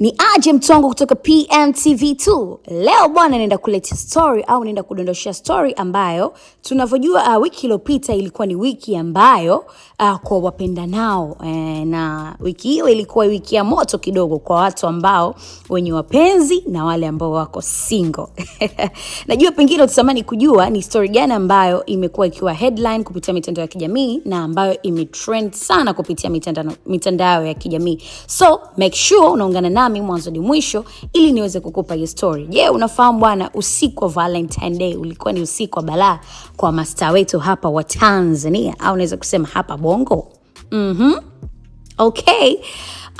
Ni aje mtongo kutoka PMTV2. Leo bwana, naenda kuleta story au naenda kudondoshea story ambayo tunavyojua, uh, wiki iliyopita ilikuwa ni wiki ambayo uh, kwa wapenda nao eh, na wiki hiyo ilikuwa wiki ya moto kidogo kwa watu ambao wenye wapenzi na wale ambao wako single. Najua pengine utatamani kujua ni story gani ambayo imekuwa ikiwa headline kupitia mitandao ya kijamii na ambayo imetrend sana kupitia mitandao mitandao ya kijamii. So make sure unaungana na nami mwanzo ni mwisho ili niweze kukupa hiyo story. Je, unafahamu bwana, usiku wa Valentine Day ulikuwa ni usiku wa balaa kwa masta wetu hapa wa Tanzania, au naweza kusema hapa Bongo. mm -hmm. Okay.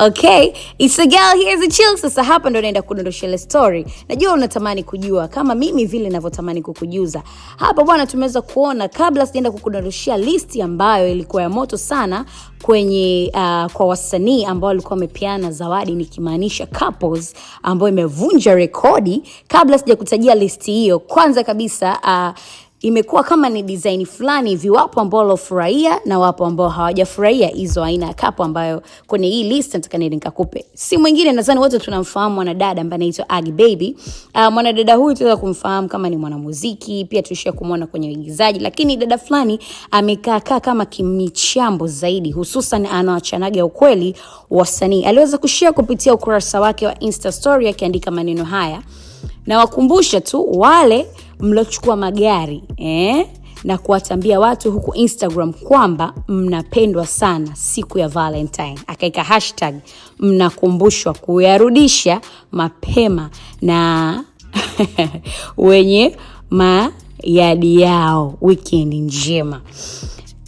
Okay, it's a girl here's a chill. Sasa hapa ndo naenda kudondosha ile story. Najua unatamani kujua kama mimi vile ninavyotamani kukujuza. Hapa bwana, tumeweza kuona kabla sijaenda kukudondoshia listi ambayo ilikuwa ya moto sana kwenye uh, kwa wasanii ambao walikuwa wamepeana zawadi nikimaanisha couples ambao imevunja rekodi. Kabla sijakutajia listi hiyo, kwanza kabisa uh, imekuwa kama ni design fulani hivi. Wapo ambao walofurahia na wapo ambao hawajafurahia hizo aina ya kapu, ambayo kwenye hii list nataka nili nikakupe. Si mwingine, nadhani wote tunamfahamu mwanadada ambaye anaitwa Aggy Baby. Uh, mwanadada huyu tunaweza kumfahamu kama ni mwanamuziki pia, tuishia kumwona kwenye uigizaji, lakini dada fulani amekaa kaa kama kimichambo zaidi, hususan anaachanaga ukweli wasanii. Aliweza kushia kupitia ukurasa wake wa Insta story akiandika maneno haya Nawakumbusha tu wale mliochukua magari eh, na kuwatambia watu huku Instagram kwamba mnapendwa sana siku ya Valentine, akaika hashtag mnakumbushwa kuyarudisha mapema na wenye mayadi yao. Wikendi njema.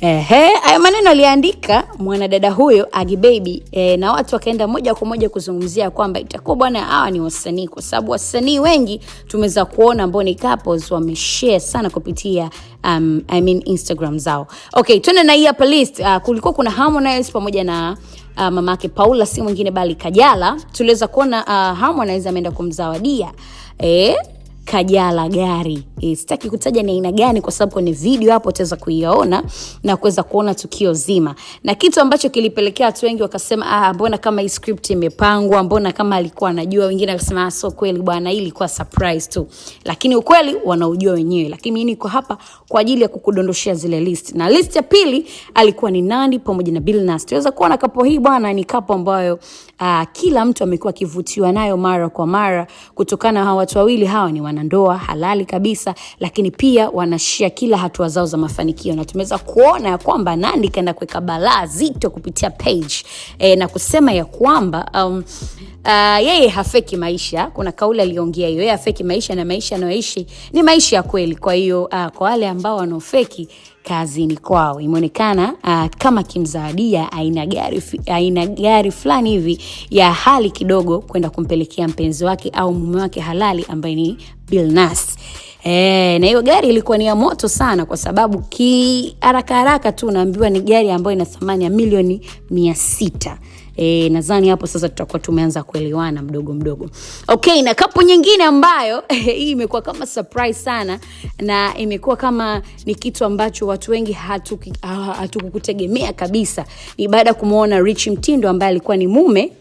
Ehe, hayo maneno aliandika mwanadada huyo Agi Baby e, na watu wakaenda moja kwa moja kuzungumzia kwamba itakuwa bwana, hawa ni wasanii, kwa sababu wasanii wengi tumeweza kuona Mboni couples wameshare sana kupitia um, I mean Instagram zao. Okay, tuende na hii hapa list. Uh, kulikuwa kuna Harmonize pamoja na uh, mamake Paula, si mwingine bali Kajala. Tuliweza kuona uh, Harmonize ameenda kumzawadia eh Kajala gari. e, Sitaki kutaja ni aina gani, kwa sababu kwenye video hapo utaweza kuiona na kuweza kuona tukio zima, na kitu ambacho kilipelekea watu wengi wakasema, ah, mbona kama hii script imepangwa, mbona kama alikuwa anajua. Wengine wakasema ah, so kweli bwana, hii ilikuwa surprise tu, lakini ukweli wanaujua wenyewe. Lakini mimi niko hapa kwa ajili ya kukudondoshea zile list, na list ya pili alikuwa ni Nandy pamoja na Billnass. Tuweza kuona kapo hii bwana, ni kapo ambayo ah, kila mtu amekuwa akivutiwa nayo mara kwa mara kutokana na hawa watu wawili hawa ni wana ndoa halali kabisa, lakini pia wanashia kila hatua zao za mafanikio, na tumeweza kuona ya kwamba nandi kaenda kuweka balaa zito kupitia page e, na kusema ya kwamba um, Uh, yeye hafeki maisha. Kuna kauli aliongea hiyo, yeye hafeki maisha na maisha anayoishi ni maisha ya kweli. Kwa hiyo uh, kwa wale ambao wanaofeki kazini kwao. Imeonekana uh, kama kimzawadia aina gari, aina gari fulani hivi ya hali kidogo kwenda kumpelekea mpenzi wake au mume wake halali ambaye ni Billnass. E, na hiyo gari ilikuwa ni ya moto sana kwa sababu ki haraka haraka tu naambiwa ni gari ambayo ina thamani ya milioni mia sita. E, nadhani hapo sasa tutakuwa tumeanza kuelewana mdogo mdogo. Okay, na kapu nyingine ambayo eh, hii imekuwa kama surprise sana na imekuwa kama ni kitu ambacho watu wengi hatukukutegemea hatu kabisa, ni baada ya kumwona Rich Mtindo ambaye alikuwa ni mume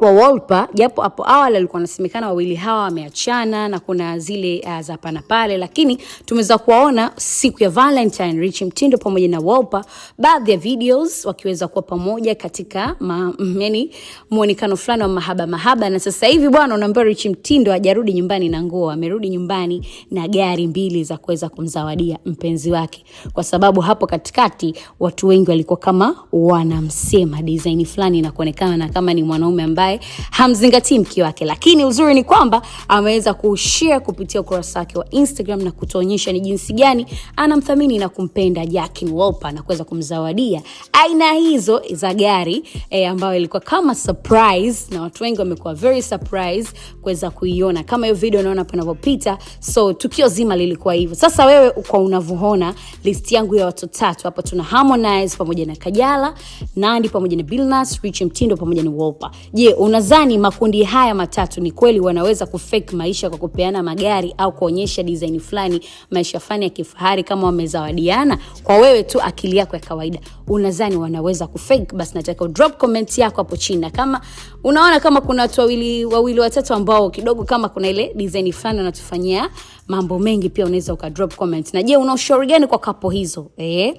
kwa Wolper, japo hapo awali alikuwa anasemekana wawili hawa wameachana na kuna zile uh, za pana pale, lakini tumeweza kuwaona siku ya Valentine Richie Mtindo pamoja na Wolper, baadhi ya videos wakiweza kuwa pamoja katika ma, mm, yani muonekano fulani wa mahaba mahaba. Na sasa hivi bwana, unaambia Richie Mtindo hajarudi nyumbani na nguo, amerudi nyumbani na gari mbili za kuweza kumzawadia mpenzi wake, kwa sababu hapo katikati watu wengi walikuwa kama wanamsema design fulani na kuonekana kama ni mwanaume ambaye ambaye hamzingatii mke wake, lakini uzuri ni kwamba ameweza kushare kupitia ukurasa wake wa Instagram na kutuonyesha ni jinsi gani anamthamini na kumpenda Jackin Wolper na kuweza kumzawadia aina hizo za gari e, ambayo ilikuwa kama surprise, na watu wengi wamekuwa very surprise kuweza kuiona kama hiyo video unaona panavyopita. So tukio zima lilikuwa hivyo. Sasa wewe kwa unavyoona list yangu ya watu tatu hapa, tuna Harmonize pamoja na Kajala, Nandi pamoja na Billnass, Rich Mtindo pamoja na Wolper. Je, unadhani makundi haya matatu ni kweli wanaweza kufake maisha kwa kupeana magari au kuonyesha design fulani maisha fulani ya kifahari kama wamezawadiana kwa wewe tu akili yako ya kawaida unadhani wanaweza kufake basi nataka drop comment yako hapo chini na kama unaona kama kuna watu wawili wawili watatu ambao kidogo kama kuna ile design fulani wanatufanyia mambo mengi pia unaweza uka drop comment na je una ushauri gani kwa kapo hizo eh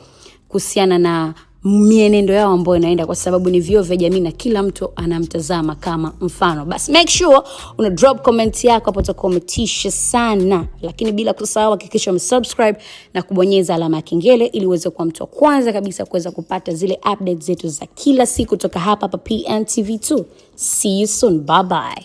kuhusiana na mienendo yao ambayo inaenda, kwa sababu ni vio vya jamii na kila mtu anamtazama kama mfano. Basi make sure una drop comment yako hapo, utakuwa umetisha sana, lakini bila kusahau hakikisha umesubscribe na kubonyeza alama ya kengele ili uweze kuwa mtu wa kwanza kabisa kuweza kupata zile updates zetu za kila siku kutoka hapa hapa PNTV2. See you soon, bye bye.